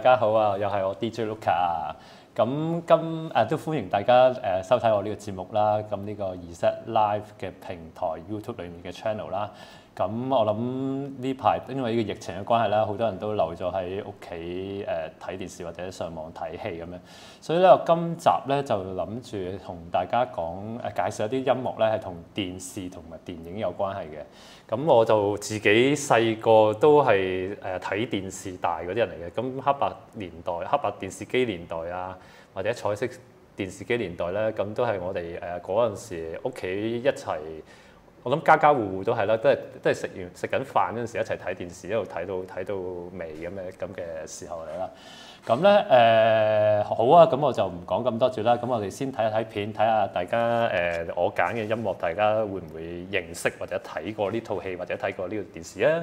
大家好啊，又係我 DJ Luka 啊，咁今誒都歡迎大家誒、呃、收睇我呢個節目啦，咁呢個 ZLive 嘅平台 YouTube 裡面嘅 channel 啦。咁我諗呢排因為呢個疫情嘅關係啦，好多人都留咗喺屋企誒睇電視或者上網睇戲咁樣，所以咧我今集咧就諗住同大家講誒介紹一啲音樂咧係同電視同埋電影有關係嘅。咁我就自己細個都係誒睇電視大嗰啲人嚟嘅。咁黑白年代、黑白電視機年代啊，或者彩色電視機年代咧、啊，咁都係我哋誒嗰陣時屋企一齊。我諗家家戶戶都係啦，都係都係食完食緊飯嗰陣時，一齊睇電視，一路睇到睇到尾咁樣咁嘅時候嚟啦。咁咧誒好啊，咁我就唔講咁多住啦。咁、嗯、我哋先睇一睇片，睇下大家誒、呃、我揀嘅音樂，大家會唔會認識或者睇過呢套戲或者睇過呢個電視啊？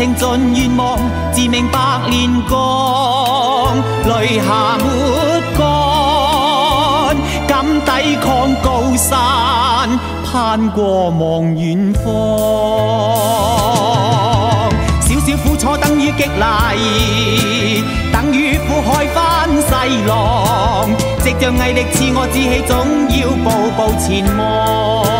前程盡願望，自命百煉鋼，淚下抹乾，敢抵抗高山，攀過望遠方。少少 苦楚等於激勵，等於苦海翻細浪，藉著毅力自我志氣，總要步步前望。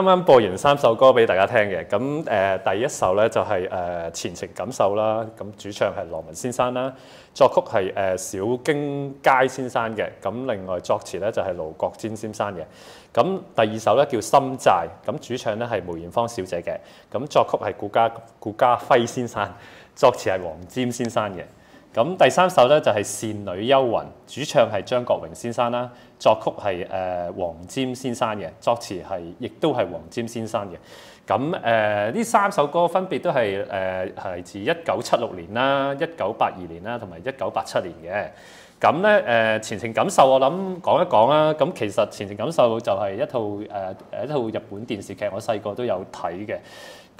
啱啱播完三首歌俾大家聽嘅，咁誒、呃、第一首咧就係、是、誒、呃、前程錦繡啦，咁主唱係羅文先生啦，作曲係誒、呃、小椋佳先生嘅，咁另外作詞咧就係盧國沾先生嘅。咁第二首咧叫心債，咁主唱咧係梅艷芳小姐嘅，咁作曲係顧嘉顧嘉煇先生，作詞係黃霑先生嘅。咁第三首咧就係、是《倩女幽魂》，主唱係張國榮先生啦，作曲係誒黃霑先生嘅，作詞係亦都係黃霑先生嘅。咁誒呢三首歌分別都係誒係自一九七六年啦、一九八二年啦同埋一九八七年嘅。咁咧誒前程錦繡我諗講一講啦。咁其實前程錦繡就係一套誒誒、呃、一套日本電視劇，我細個都有睇嘅。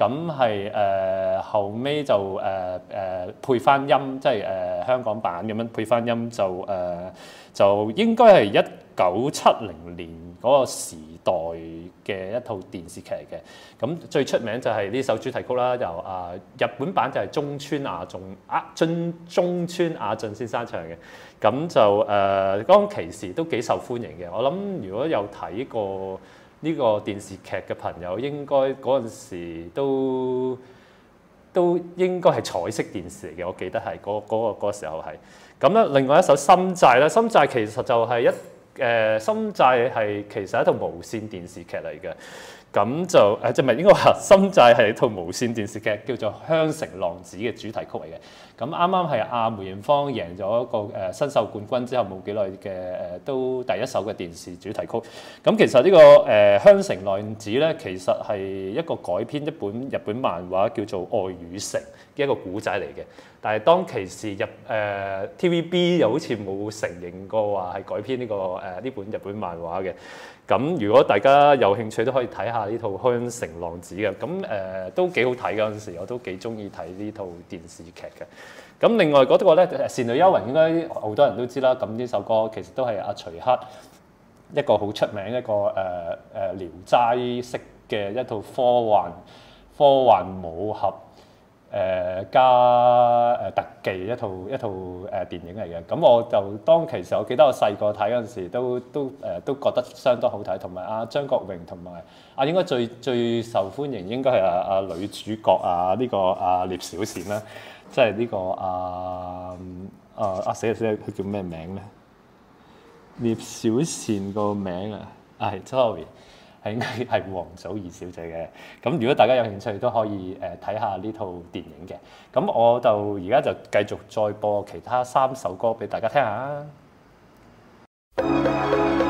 咁係誒後尾就誒誒、呃呃、配翻音，即係誒、呃、香港版咁樣配翻音就誒、呃、就應該係一九七零年嗰個時代嘅一套電視劇嘅。咁、嗯、最出名就係呢首主題曲啦，由啊、呃、日本版就係中村亞眾阿俊中村、啊、雅俊先生唱嘅。咁就誒當其時都幾受歡迎嘅。我諗如果有睇過呢個電視劇嘅朋友應該嗰陣時都都應該係彩色電視嚟嘅，我記得係嗰嗰個嗰個時候係。咁咧，另外一首《心債》咧，《心債》其實就係一誒，呃《心債》係其實一套無線電視劇嚟嘅。咁就誒，即係唔係應該話《心債》係一套無線電視劇叫做《香城浪子》嘅主題曲嚟嘅。咁啱啱係阿梅艷芳贏咗一個誒、呃、新秀冠軍之後冇幾耐嘅誒，都第一首嘅電視主題曲。咁、嗯、其實呢、呢個誒、呃《香城浪子》咧，其實係一個改編一本日本漫畫叫做《愛與誠》嘅一個古仔嚟嘅。但係當其時日誒、呃、TVB 又好似冇承認過話係改編呢、呢個誒呢、呃、本日本漫畫嘅。咁如果大家有興趣都可以睇下呢套《香城浪子》嘅，咁誒、呃、都幾好睇嘅，嗰時，我都幾中意睇呢套電視劇嘅。咁另外嗰個咧，《倩女幽魂》應該好多人都知啦，咁呢首歌其實都係阿徐克一個好出名一個誒誒《聊、呃呃、齋》式嘅一套科幻科幻武俠，誒、呃、加誒、呃、特技一套一套誒、呃、電影嚟嘅，咁、嗯、我就當其實我記得我細個睇嗰陣時,時都都誒、呃、都覺得相當好睇，同埋阿張國榮同埋阿應該最最受歡迎應該係阿阿女主角啊呢個阿聶小倩啦，即係呢個啊啊,啊死啊死啊佢叫咩名咧？聶小倩個名啊，係周慧。係應該係王祖賢小姐嘅，咁如果大家有興趣都可以誒睇下呢套電影嘅，咁我就而家就繼續再播其他三首歌俾大家聽下。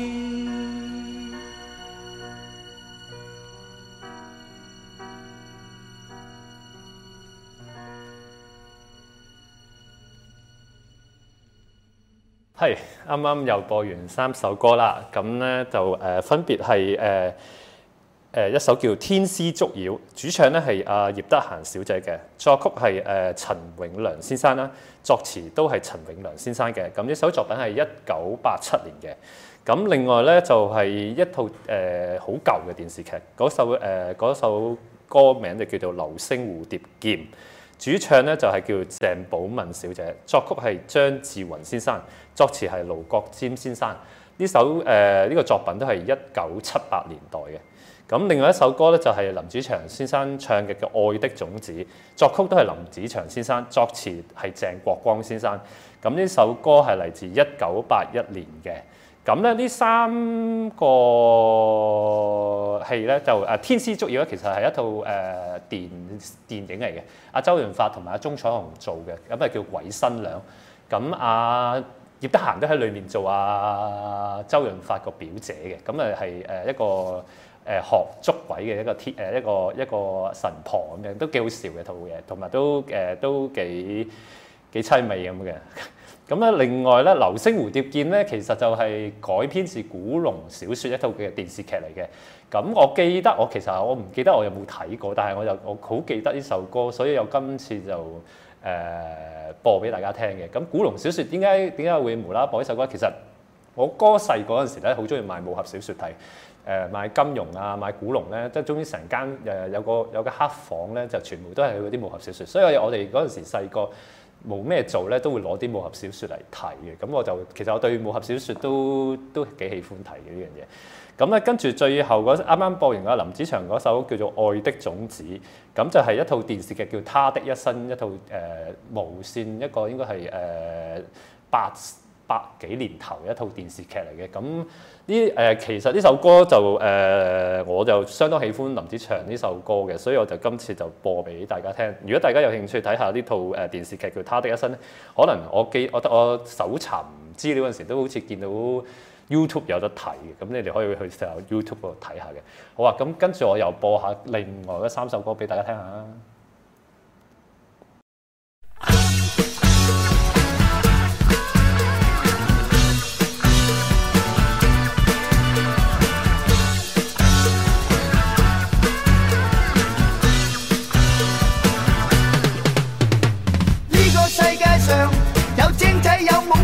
係啱啱又播完三首歌啦，咁咧就誒、呃、分別係誒誒一首叫《天師捉妖》，主唱咧係阿葉德嫻小姐嘅作曲係誒、呃、陳永良先生啦，作詞都係陳永良先生嘅。咁呢首作品係一九八七年嘅。咁另外咧就係、是、一套誒好、呃、舊嘅電視劇，嗰首誒、呃、首歌名就叫做《流星蝴蝶劍》，主唱咧就係叫鄭寶雯小姐，作曲係張志雲先生。作詞係盧國沾先生，呢首誒呢、呃這個作品都係一九七八年代嘅。咁另外一首歌咧就係、是、林子祥先生唱嘅《嘅愛的種子》，作曲都係林子祥先生，作詞係鄭國江先生。咁呢首歌係嚟自一九八一年嘅。咁咧呢三個戲咧就誒、啊《天師捉妖》咧，其實係一套誒、呃、電電影嚟嘅。阿周潤發同埋阿鐘楚紅做嘅，咁係叫《鬼新娘》啊。咁阿。葉德嫻都喺裏面做啊周潤發個表姐嘅，咁誒係誒一個誒學捉鬼嘅一個鐵誒一個一個神婆咁樣，都幾好笑嘅套嘅，同埋都誒、呃、都幾幾悽美咁嘅。咁、嗯、咧另外咧《流星蝴蝶劍》咧，其實就係改編自古龍小説一套嘅電視劇嚟嘅。咁、嗯、我記得我其實我唔記得我有冇睇過，但係我又我好記得呢首歌，所以我今次就，誒、呃、播俾大家聽嘅。咁古龍小説點解點解會無啦啦播一首歌？其實我哥細嗰陣時咧，好中意買武俠小説睇誒，買金庸啊，買古龍咧，即係終於成間誒有個有個黑房咧，就全部都係佢啲武俠小説，所以我哋嗰陣時細個。冇咩做咧，都會攞啲武俠小説嚟睇嘅，咁我就其實我對武俠小説都都幾喜歡睇嘅呢樣嘢。咁咧跟住最後嗰啱啱播完阿林子祥嗰首叫做《愛的種子》，咁就係一套電視劇叫《他的一生》，一套誒、呃、無線一個應該係誒、呃、八八幾年頭嘅一套電視劇嚟嘅，咁、嗯。呢誒其實呢首歌就誒、呃，我就相當喜歡林子祥呢首歌嘅，所以我就今次就播俾大家聽。如果大家有興趣睇下呢套誒電視劇叫《他的一生》，可能我記我我搜尋資料嗰陣時都好似見到 YouTube 有得睇嘅，咁你哋可以去上 YouTube 度睇下嘅。好啊，咁跟住我又播下另外嘅三首歌俾大家聽下。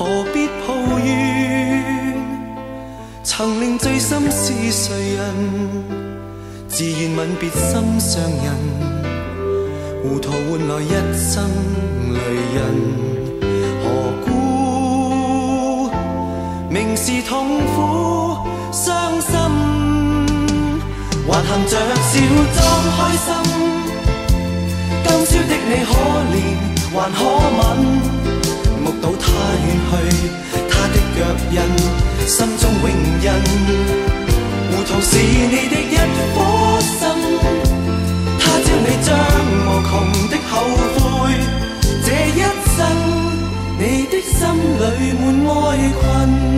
何必抱怨？曾令醉心是誰人？自願吻別心上人，糊塗換來一生淚印。何故明是痛苦傷心，還含着笑裝開心？今宵的你可憐，還可吻？到他遠去，他的腳印，心中永印。糊塗是你的一顆心，他朝你將無窮的後悔，這一生，你的心裏滿哀困。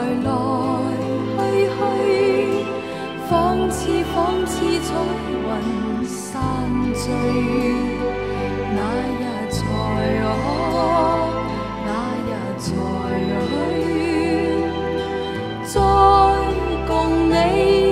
來來去去，仿似仿似彩雲散聚，那日才可，那日才許，再共你。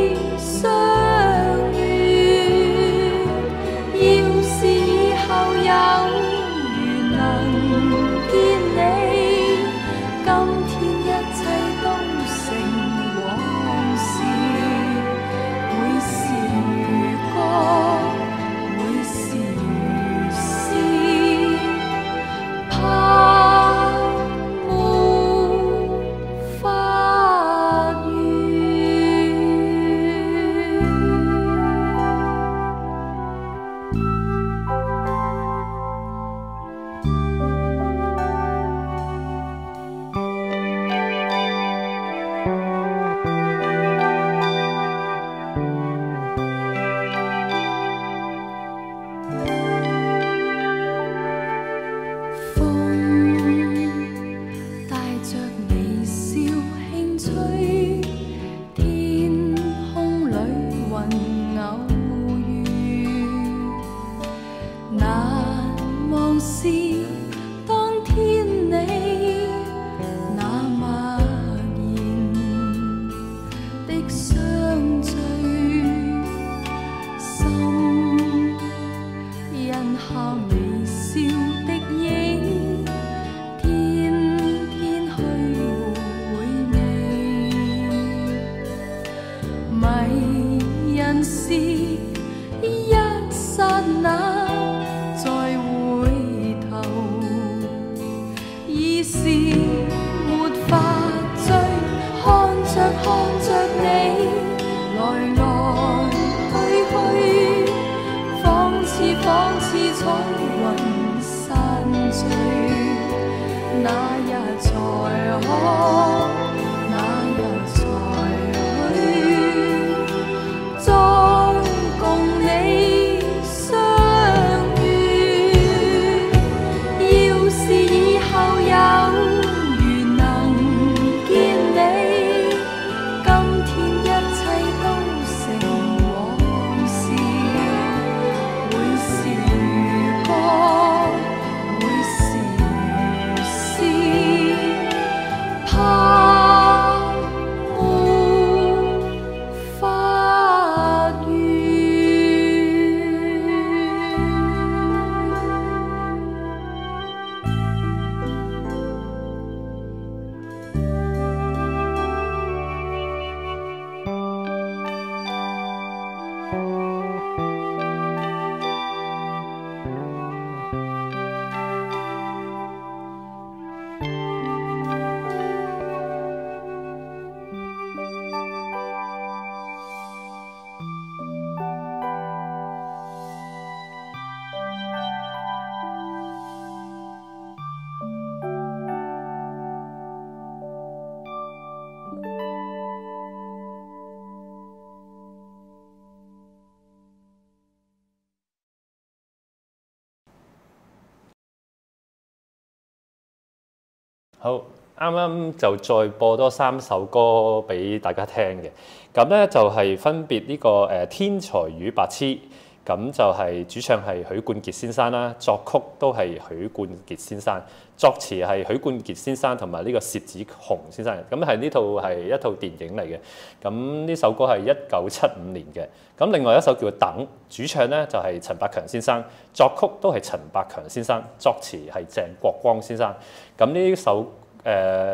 好，啱啱就再播多三首歌俾大家聽嘅，咁咧就係、是、分別呢、呢個誒、呃、天才與白癡。咁就係主唱係許冠傑先生啦，作曲都係許冠傑先生，作詞係許冠傑先生同埋呢個薛志雄先生。咁係呢套係一套電影嚟嘅。咁呢首歌係一九七五年嘅。咁另外一首叫《等》，主唱咧就係陳百強先生，作曲都係陳百強先生，作詞係鄭國江先生。咁呢首誒呢、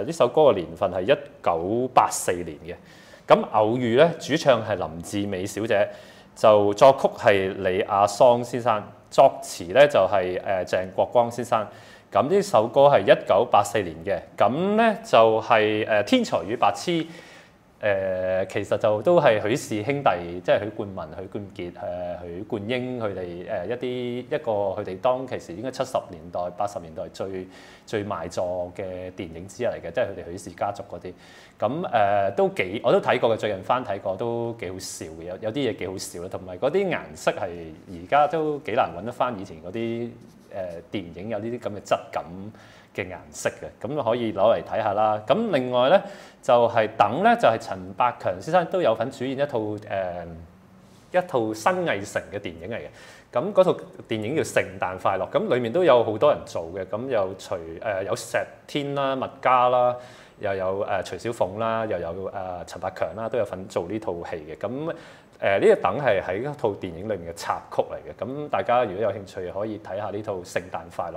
呃、首歌嘅年份係一九八四年嘅。咁偶遇咧，主唱係林志美小姐。就作曲係李雅桑先生，作詞咧就係、是、誒、呃、鄭國江先生。咁呢首歌係一九八四年嘅，咁咧就係、是、誒、呃、天才與白癡。誒、呃、其實就都係許氏兄弟，即係許冠文、許冠傑、誒、呃、許冠英，佢哋誒一啲一個佢哋當其時應該七十年代、八十年代最最賣座嘅電影之一嚟嘅，即係佢哋許氏家族嗰啲。咁、嗯、誒、呃、都幾我都睇過嘅，最近翻睇過都幾好笑嘅，有有啲嘢幾好笑啦。同埋嗰啲顏色係而家都幾難揾得翻以前嗰啲誒電影有呢啲咁嘅質感。嘅顏色嘅，咁可以攞嚟睇下啦。咁另外咧就係等咧，就係陳百強先生都有份主演一套誒、呃、一套新藝城嘅電影嚟嘅。咁嗰套電影叫《聖誕快樂》，咁裡面都有好多人做嘅。咁有徐誒、呃、有石天啦、麥嘉啦，又有誒徐小鳳啦，又有誒、呃、陳百強啦，都有份做呢套戲嘅。咁誒呢個等係喺一套電影裏面嘅插曲嚟嘅。咁大家如果有興趣，可以睇下呢套《聖誕快樂》。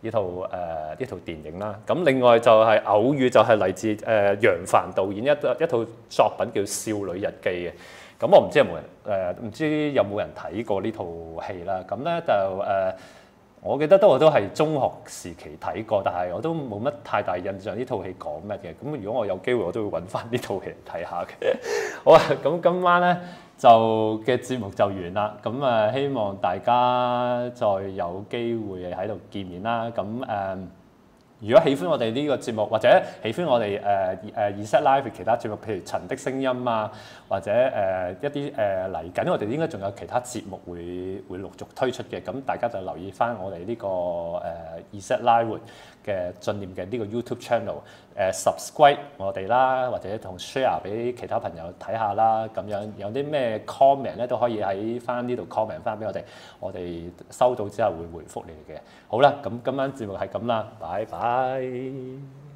呢套誒呢、呃、套電影啦，咁另外就係偶遇，就係嚟自誒楊凡導演一套一套作品叫《少女日記》嘅。咁我唔知有冇人誒，唔、呃、知有冇人睇過呢套戲啦。咁、嗯、咧就誒、呃，我記得都我都係中學時期睇過，但係我都冇乜太大印象呢套戲講咩嘅。咁、嗯、如果我有機會，我都會揾翻呢套戲嚟睇下嘅。好啊，咁、嗯、今晚咧。就嘅節目就完啦，咁啊希望大家再有機會喺度見面啦。咁誒、呃，如果喜歡我哋呢個節目，或者喜歡我哋誒誒、呃、ZLive 其他節目，譬如《陳的聲音》啊，或者誒、呃、一啲誒嚟緊，呃、我哋應該仲有其他節目會會陸續推出嘅，咁大家就留意返我哋呢、這個誒 ZLive。呃嘅進念嘅呢個 YouTube channel，誒、呃、subscribe 我哋啦，或者同 share 俾其他朋友睇下啦，咁樣有啲咩 comment 咧都可以喺翻呢度 comment 翻俾我哋，我哋收到之後會,會回覆你哋嘅。好啦，咁、嗯、今晚節目係咁啦，拜拜。